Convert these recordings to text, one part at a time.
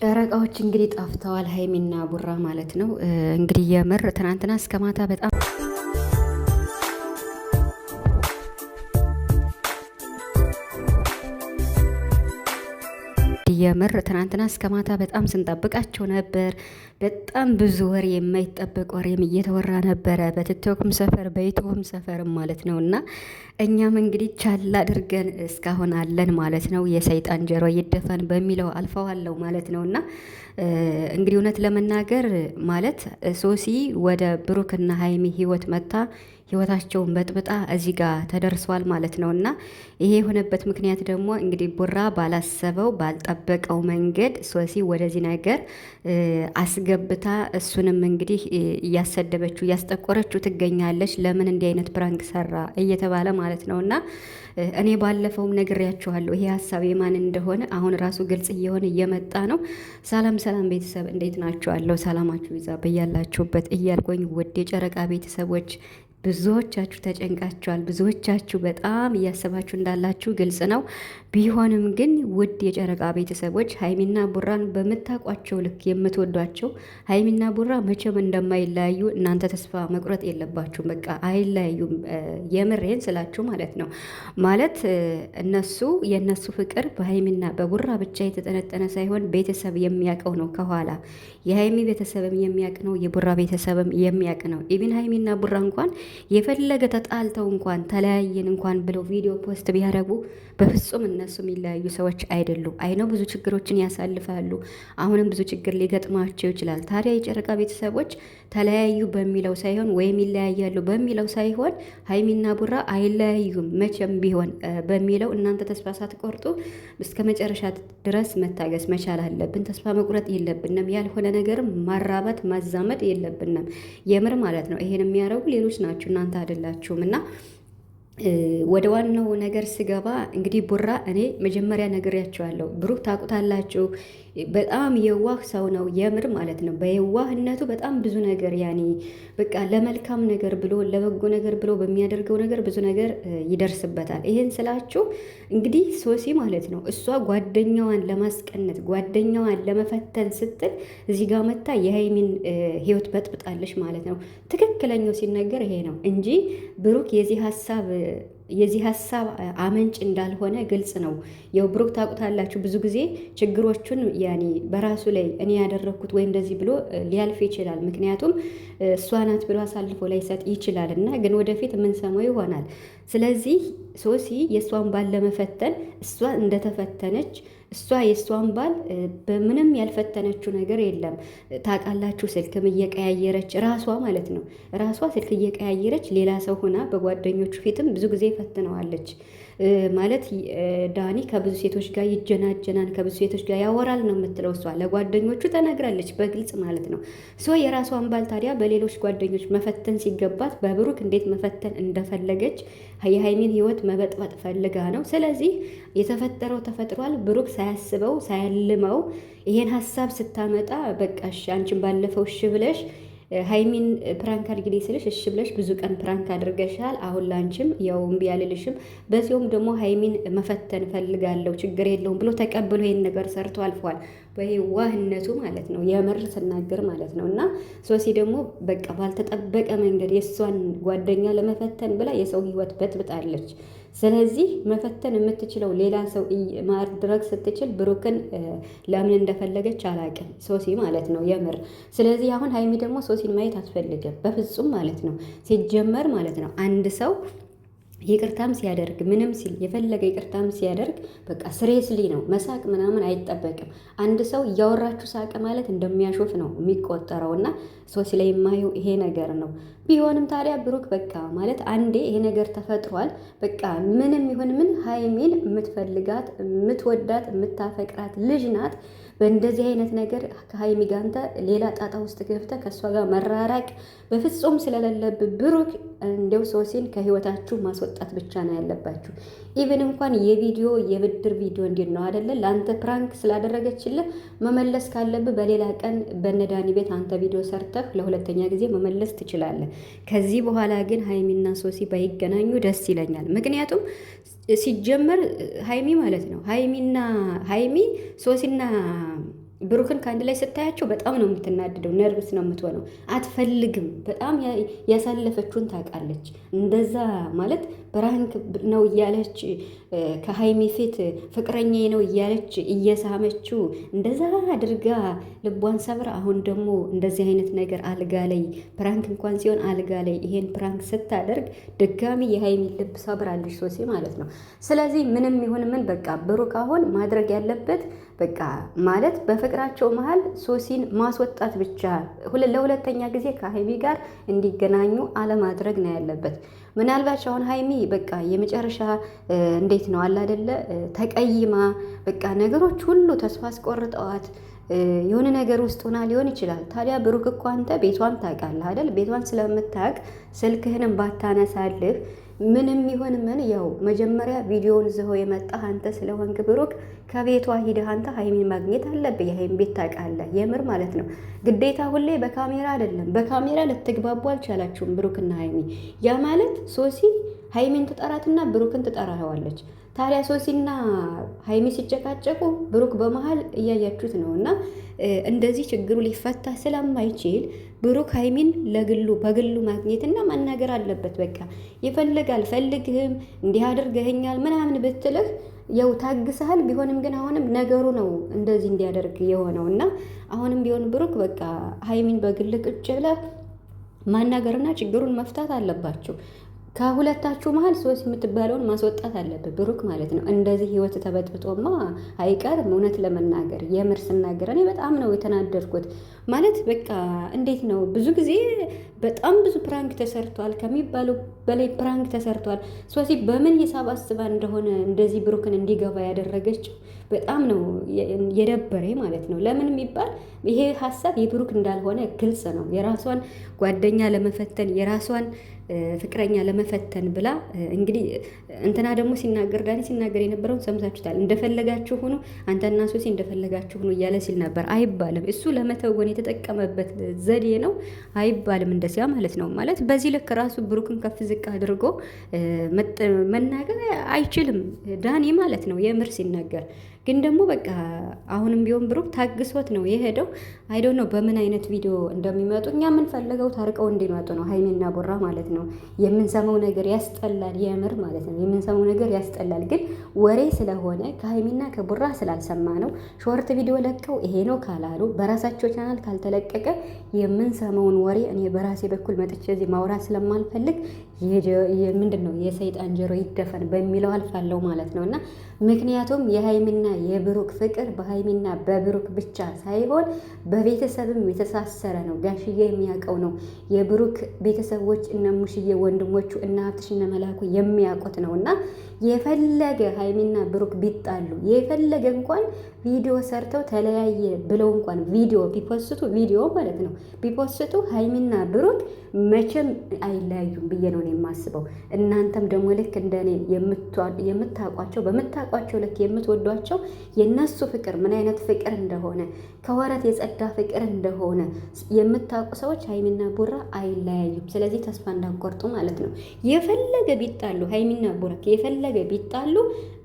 ጨረቃዎች እንግዲህ ጠፍተዋል ሀይሚና ቡራ ማለት ነው። እንግዲህ የምር ትናንትና እስከ ማታ በጣም የምር ትናንትና እስከ ማታ በጣም ስንጠብቃቸው ነበር። በጣም ብዙ ወሬ የማይጠበቅ ወሬም እየተወራ ነበረ በቲክቶክም ሰፈር በዩቱብም ሰፈር ማለት ነው። እና እኛም እንግዲህ ቻላ አድርገን እስካሁን አለን ማለት ነው። የሰይጣን ጀሮ ይደፈን በሚለው አልፈዋለሁ ማለት ነው። እና እንግዲህ እውነት ለመናገር ማለት ሶሲ ወደ ብሩክና ሀይሚ ህይወት መታ ህይወታቸውን በጥብጣ እዚህ ጋር ተደርሷል ማለት ነው። እና ይሄ የሆነበት ምክንያት ደግሞ እንግዲህ ቡራ ባላሰበው ባልጠበቀው መንገድ ሶሲ ወደዚህ ነገር አስገብታ እሱንም እንግዲህ እያሰደበችው እያስጠቆረችው ትገኛለች። ለምን እንዲህ አይነት ፕራንክ ሰራ እየተባለ ማለት ነው። እና እኔ ባለፈውም ነግሬያችኋለሁ ይሄ ሀሳብ የማን እንደሆነ አሁን ራሱ ግልጽ እየሆነ እየመጣ ነው። ሰላም ሰላም ቤተሰብ እንዴት ናችኋለሁ? ሰላማችሁ ይዛ በያላችሁበት እያልኩኝ ውድ የጨረቃ ቤተሰቦች ብዙዎቻችሁ ተጨንቃችኋል። ብዙዎቻችሁ በጣም እያሰባችሁ እንዳላችሁ ግልጽ ነው። ቢሆንም ግን ውድ የጨረቃ ቤተሰቦች ሀይሚና ቡራን በምታውቋቸው ልክ የምትወዷቸው ሀይሚና ቡራ መቼም እንደማይለያዩ እናንተ ተስፋ መቁረጥ የለባችሁም። በቃ አይለያዩም። የምሬን ስላችሁ ማለት ነው። ማለት እነሱ የእነሱ ፍቅር በሀይሚና በቡራ ብቻ የተጠነጠነ ሳይሆን ቤተሰብ የሚያውቀው ነው። ከኋላ የሀይሚ ቤተሰብም የሚያውቅ ነው። የቡራ ቤተሰብም የሚያውቅ ነው። ኢቪን ሀይሚና ቡራ እንኳን የፈለገ ተጣልተው እንኳን ተለያየን እንኳን ብለው ቪዲዮ ፖስት ቢያደረጉ በፍጹም እነሱ የሚለያዩ ሰዎች አይደሉም። አይነው ብዙ ችግሮችን ያሳልፋሉ። አሁንም ብዙ ችግር ሊገጥማቸው ይችላል። ታዲያ የጨረቃ ቤተሰቦች ተለያዩ በሚለው ሳይሆን ወይም ይለያያሉ በሚለው ሳይሆን ሀይሚና ቡራ አይለያዩም መቼም ቢሆን በሚለው እናንተ ተስፋ ሳትቆርጡ እስከ መጨረሻ ድረስ መታገስ መቻል አለብን። ተስፋ መቁረጥ የለብንም። ያልሆነ ነገር ማራባት ማዛመድ የለብንም። የምር ማለት ነው። ይሄን የሚያረጉ ሌሎች ናቸው። ያላችሁ እናንተ አይደላችሁም እና ወደ ዋናው ነገር ስገባ እንግዲህ ቡራ እኔ መጀመሪያ ነገር ያቸዋለሁ ብሩክ ታቁታላችሁ በጣም የዋህ ሰው ነው የምር ማለት ነው። በየዋህነቱ በጣም ብዙ ነገር ያኔ በቃ ለመልካም ነገር ብሎ ለበጎ ነገር ብሎ በሚያደርገው ነገር ብዙ ነገር ይደርስበታል። ይሄን ስላችሁ እንግዲህ ሶሲ ማለት ነው እሷ ጓደኛዋን ለማስቀነት ጓደኛዋን ለመፈተን ስትል እዚህ ጋር መታ የሀይሚን ህይወት በጥብጣለች ማለት ነው። ትክክለኛው ሲነገር ይሄ ነው እንጂ ብሩክ የዚህ ሀሳብ የዚህ ሀሳብ አመንጭ እንዳልሆነ ግልጽ ነው። ያው ብሩክ ታውቁታላችሁ። ብዙ ጊዜ ችግሮቹን ያኔ በራሱ ላይ እኔ ያደረግኩት ወይ እንደዚህ ብሎ ሊያልፍ ይችላል። ምክንያቱም እሷ ናት ብሎ አሳልፎ ላይሰጥ ይችላል እና ግን ወደፊት የምንሰማው ይሆናል። ስለዚህ ሶሲ የእሷን ባለመፈተን ለመፈተን እሷ እንደተፈተነች እሷ የእሷን ባል በምንም ያልፈተነችው ነገር የለም። ታውቃላችሁ፣ ስልክም እየቀያየረች ራሷ ማለት ነው ራሷ ስልክ እየቀያየረች ሌላ ሰው ሆና በጓደኞቹ ፊትም ብዙ ጊዜ ፈትነዋለች። ማለት ዳኒ ከብዙ ሴቶች ጋር ይጀናጀናል፣ ከብዙ ሴቶች ጋር ያወራል ነው የምትለው እሷ። ለጓደኞቹ ተናግራለች በግልጽ ማለት ነው። ሶ የራሷን ባል ታዲያ በሌሎች ጓደኞች መፈተን ሲገባት በብሩክ እንዴት መፈተን እንደፈለገች የሀይሚን ህይወት መበጥበጥ ፈልጋ ነው። ስለዚህ የተፈጠረው ተፈጥሯል። ብሩክ ሳያስበው ሳያልመው ይሄን ሀሳብ ስታመጣ በቃሽ አንቺን ባለፈው እሺ ብለሽ ሀይሚን ፕራንክ አድርጊልኝ ስልሽ እሺ ብለሽ ብዙ ቀን ፕራንክ አድርገሻል። አሁን ላንቺም ያው እምቢ አልልሽም። በዚሁም ደግሞ ሀይሚን መፈተን ፈልጋለሁ ችግር የለውም ብሎ ተቀብሎ ይህን ነገር ሰርቶ አልፏል። በዋህነቱ ማለት ነው የምር ስናገር ማለት ነው። እና ሶሲ ደግሞ በቃ ባልተጠበቀ መንገድ የእሷን ጓደኛ ለመፈተን ብላ የሰው ህይወት በጥብጣለች። ስለዚህ መፈተን የምትችለው ሌላ ሰው ማድረግ ስትችል ብሩክን ለምን እንደፈለገች አላቅም፣ ሶሲ ማለት ነው የምር። ስለዚህ አሁን ሀይሚ ደግሞ ሶሲን ማየት አትፈልግም በፍጹም ማለት ነው። ሲጀመር ማለት ነው አንድ ሰው ይቅርታም ሲያደርግ ምንም ሲል የፈለገ ይቅርታም ሲያደርግ በቃ ስሬስሊ ነው መሳቅ ምናምን አይጠበቅም። አንድ ሰው እያወራችሁ ሳቀ ማለት እንደሚያሾፍ ነው የሚቆጠረው እና ሶሲ ላይ የማየው ይሄ ነገር ነው። ቢሆንም ታዲያ ብሩክ በቃ ማለት አንዴ ይሄ ነገር ተፈጥሯል፣ በቃ ምንም ይሁን ምን ሀይሚን የምትፈልጋት የምትወዳት የምታፈቅራት ልጅ ናት። በእንደዚህ አይነት ነገር ከሀይሚ ጋር አንተ ሌላ ጣጣ ውስጥ ገብተህ ከእሷ ጋር መራራቅ በፍጹም ስለሌለብ ብሩክ እንደው ሶሲን ከህይወታችሁ ማስወጣት ብቻ ነው ያለባችሁ። ኢቨን እንኳን የቪዲዮ የብድር ቪዲዮ እንዲን ነው አደለ? ለአንተ ፕራንክ ስላደረገችልህ መመለስ ካለብህ በሌላ ቀን በነዳኒ ቤት አንተ ቪዲዮ ሰርተህ ለሁለተኛ ጊዜ መመለስ ትችላለህ። ከዚህ በኋላ ግን ሀይሚና ሶሲ ባይገናኙ ደስ ይለኛል። ምክንያቱም ሲጀመር ሀይሚ ማለት ነው ሀይሚና ሀይሚ ሶሲና ብሩክን ከአንድ ላይ ስታያቸው በጣም ነው የምትናድደው፣ ነርቭስ ነው የምትሆነው፣ አትፈልግም። በጣም ያሳለፈችውን ታውቃለች። እንደዛ ማለት ብርሃን ነው እያለች ከሀይሚ ፊት ፍቅረኛ ነው እያለች እየሳመችው እንደዛ አድርጋ ልቧን ሰብራ፣ አሁን ደግሞ እንደዚህ አይነት ነገር አልጋ ላይ ፕራንክ እንኳን ሲሆን አልጋ ላይ ይሄን ፕራንክ ስታደርግ ድጋሚ የሀይሚ ልብ ሰብራለች ሶሴ ማለት ነው። ስለዚህ ምንም ይሁን ምን በቃ ብሩክ አሁን ማድረግ ያለበት በቃ ማለት በፍቅራቸው መሀል ሶሲን ማስወጣት ብቻ ለሁለተኛ ጊዜ ከሀይሚ ጋር እንዲገናኙ አለማድረግ ነው ያለበት። ምናልባት አሁን ሀይሚ በቃ የመጨረሻ እንዴት ነው አለ አይደለ ተቀይማ በቃ ነገሮች ሁሉ ተስፋ አስቆርጠዋት የሆነ ነገር ውስጥ ሆና ሊሆን ይችላል። ታዲያ ብሩክ እኮ አንተ ቤቷን ታውቃለህ አይደል? ቤቷን ስለምታውቅ ስልክህንም ባታነሳልህ ምንም ይሁን ምን ያው መጀመሪያ ቪዲዮውን ዝኸው የመጣህ አንተ ስለሆንክ ብሩክ ከቤቷ ሂደህ አንተ ሀይሚን ማግኘት አለብህ። የሀይሚ ቤት ታውቃለህ፣ የምር ማለት ነው። ግዴታ ሁሌ በካሜራ አይደለም። በካሜራ ልትግባቡ አልቻላችሁም ብሩክና ሀይሚ። ያ ማለት ሶሲ ሀይሚን ትጠራትና ብሩክን ትጠራዋለች። ታዲያ ሶሲና ሀይሚ ሲጨቃጨቁ ብሩክ በመሀል እያያችሁት ነው። እና እንደዚህ ችግሩ ሊፈታ ስለማይችል ብሩክ ሀይሚን ለግሉ በግሉ ማግኘትና ማናገር አለበት። በቃ ይፈልጋል ፈልግህም እንዲህ አድርገህኛል ምናምን ብትልህ ያው ታግሰሃል። ቢሆንም ግን አሁንም ነገሩ ነው እንደዚህ እንዲያደርግ የሆነው እና አሁንም ቢሆን ብሩክ በቃ ሀይሚን በግል ቁጭ ብለህ ማናገርና ችግሩን መፍታት አለባቸው። ከሁለታችሁ መሀል ሶስት የምትባለውን ማስወጣት አለብህ ብሩክ ማለት ነው። እንደዚህ ህይወት ተበጥብጦማ አይቀርም። እውነት ለመናገር የምር ስናገር እኔ በጣም ነው የተናደድኩት። ማለት በቃ እንዴት ነው ብዙ ጊዜ በጣም ብዙ ፕራንክ ተሰርቷል ከሚባለው በላይ ፕራንክ ተሰርቷል። ሶሲ በምን ሂሳብ አስባ እንደሆነ እንደዚህ ብሩክን እንዲገባ ያደረገችው በጣም ነው የደበረ ማለት ነው። ለምን የሚባል ይሄ ሀሳብ የብሩክ እንዳልሆነ ግልጽ ነው። የራሷን ጓደኛ ለመፈተን የራሷን ፍቅረኛ ለመፈተን ብላ እንግዲህ እንትና ደግሞ ሲናገር ዳኒ ሲናገር የነበረውን ሰምታችሁታል። እንደፈለጋችሁ ሆኖ አንተና ሶሲ እንደፈለጋችሁ ሆኖ እያለ ሲል ነበር። አይባልም እሱ ለመተወን የተጠቀመበት ዘዴ ነው። አይባልም እንደዚያ ማለት ነው። ማለት በዚህ ልክ ራሱ ብሩክን ከፍ ዝቅ አድርጎ መናገር አይችልም ዳኒ ማለት ነው የምር ሲናገር ግን ደግሞ በቃ አሁንም ቢሆን ብሩክ ታግሶት ነው የሄደው። አይዶ ነው በምን አይነት ቪዲዮ እንደሚመጡ እኛ የምንፈልገው ታርቀው እንዲመጡ ነው፣ ሀይሚና ቦራ ማለት ነው። የምንሰማው ነገር ያስጠላል፣ የምር ማለት ነው። የምንሰማው ነገር ያስጠላል፣ ግን ወሬ ስለሆነ ከሀይሜና ከቦራ ስላልሰማ ነው። ሾርት ቪዲዮ ለቀው ይሄ ነው ካላሉ በራሳቸው ቻናል ካልተለቀቀ የምንሰማውን ወሬ እኔ በራሴ በኩል መጥቼ እዚህ ማውራት ስለማልፈልግ ምንድን ነው የሰይጣን ጆሮ ይደፈን በሚለው አልፋለው ማለት ነው እና ምክንያቱም የሀይሚና የብሩክ ፍቅር በሀይሚና በብሩክ ብቻ ሳይሆን በቤተሰብም የተሳሰረ ነው። ጋሽዬ የሚያውቀው ነው። የብሩክ ቤተሰቦች እነ ሙሽዬ ወንድሞቹ፣ እነ ሀብትሽ፣ እነ መላኩ የሚያውቁት ነው እና የፈለገ ሀይሚና ብሩክ ቢጣሉ የፈለገ እንኳን ቪዲዮ ሰርተው ተለያየ ብለው እንኳን ቪዲዮ ቢፖስቱ ቪዲዮ ማለት ነው ቢፖስቱ ሀይሚና ብሩክ መቼም አይለያዩም ብዬ ነው የማስበው። እናንተም ደግሞ ልክ እንደኔ የምታውቋቸው በምታውቋቸው ልክ የምትወዷቸው የእነሱ ፍቅር ምን አይነት ፍቅር እንደሆነ ከወረት የጸዳ ፍቅር እንደሆነ የምታውቁ ሰዎች ሀይሚና ቡራ አይለያዩም። ስለዚህ ተስፋ እንዳቆርጡ ማለት ነው። የፈለገ ቢጣሉ ሀይሚና ቡራ የፈለገ ቢጣሉ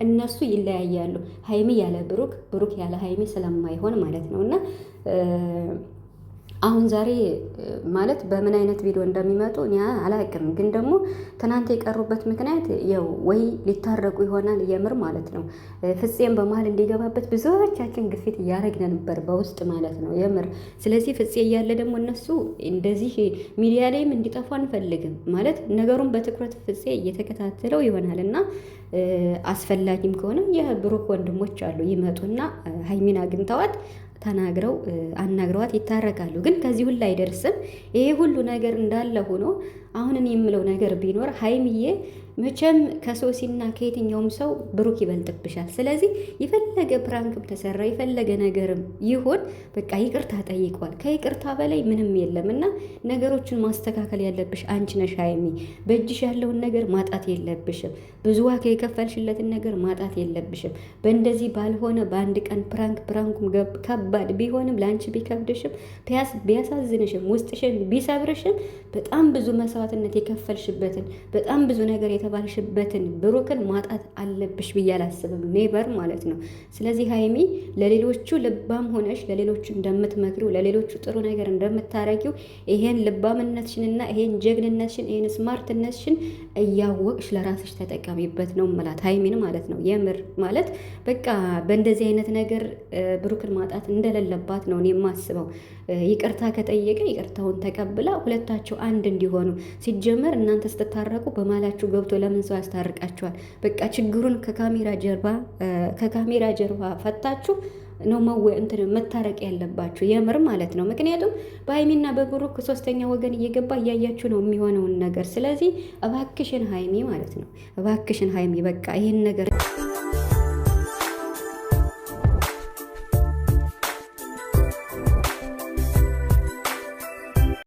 እነሱ ይለያያሉ። ሀይሚ ያለ ብሩክ፣ ብሩክ ያለ ሀይሚ ስለማይሆን ማለት ነው እና አሁን ዛሬ ማለት በምን አይነት ቪዲዮ እንደሚመጡ እኔ አላውቅም፣ ግን ደግሞ ትናንት የቀሩበት ምክንያት ያው ወይ ሊታረቁ ይሆናል የምር ማለት ነው። ፍፄም በመሀል እንዲገባበት ብዙዎቻችን ግፊት እያደረግን ነበር በውስጥ ማለት ነው የምር። ስለዚህ ፍፄ እያለ ደግሞ እነሱ እንደዚህ ሚዲያ ላይም እንዲጠፉ አንፈልግም ማለት ነገሩን በትኩረት ፍፄ እየተከታተለው ይሆናል እና አስፈላጊም ከሆነ የብሩክ ወንድሞች አሉ ይመጡና ሀይሚን አግኝተዋት ተናግረው አናግረዋት ይታረቃሉ። ግን ከዚህ ሁሉ አይደርስም። ይሄ ሁሉ ነገር እንዳለ ሆኖ አሁን እኔ የምለው ነገር ቢኖር ሀይምዬ መቼም ከሶሲና ከየትኛውም ሰው ብሩክ ይበልጥብሻል። ስለዚህ የፈለገ ፕራንክም ተሰራ የፈለገ ነገርም ይሆን በቃ ይቅርታ ጠይቋል። ከይቅርታ በላይ ምንም የለም እና ነገሮችን ማስተካከል ያለብሽ አንቺ ነሽ ሀይሚ። በእጅሽ ያለውን ነገር ማጣት የለብሽም። ብዙ ዋጋ የከፈልሽለትን ነገር ማጣት የለብሽም። በእንደዚህ ባልሆነ በአንድ ቀን ፕራንክ ፕራንኩም ከባድ ቢሆንም ለአንቺ ቢከብድሽም ቢያሳዝንሽም ውስጥሽን ቢሰብርሽም በጣም ብዙ መስዋዕትነት የከፈልሽበትን በጣም ብዙ ነገር የተ የተባልሽበትን ብሩክን ማጣት አለብሽ ብዬ አላስብም። ኔበር ማለት ነው። ስለዚህ ሀይሚ ለሌሎቹ ልባም ሆነሽ ለሌሎቹ እንደምትመክሪው ለሌሎቹ ጥሩ ነገር እንደምታረጊው ይሄን ልባምነትሽንና ይሄን ጀግንነትሽን ይሄን ስማርትነትሽን እያወቅሽ ለራስሽ ተጠቀሚበት ነው ምላት ሀይሚን ማለት ነው። የምር ማለት በቃ በእንደዚህ አይነት ነገር ብሩክን ማጣት እንደሌለባት ነው እኔ የማስበው። ይቅርታ ከጠየቀ ይቅርታውን ተቀብላ ሁለታቸው አንድ እንዲሆኑ ሲጀመር እናንተ ስትታረቁ በማላችሁ ገብቶ ወጥቶ ለምን ሰው ያስታርቃችኋል? በቃ ችግሩን ከካሜራ ጀርባ ከካሜራ ጀርባ ፈታችሁ ነው መወ እንትን መታረቅ ያለባችሁ የምር ማለት ነው። ምክንያቱም በሀይሚና በብሩክ ሶስተኛ ወገን እየገባ እያያችሁ ነው የሚሆነውን ነገር። ስለዚህ እባክሽን ሀይሚ ማለት ነው እባክሽን ሀይሚ በቃ ይህን ነገር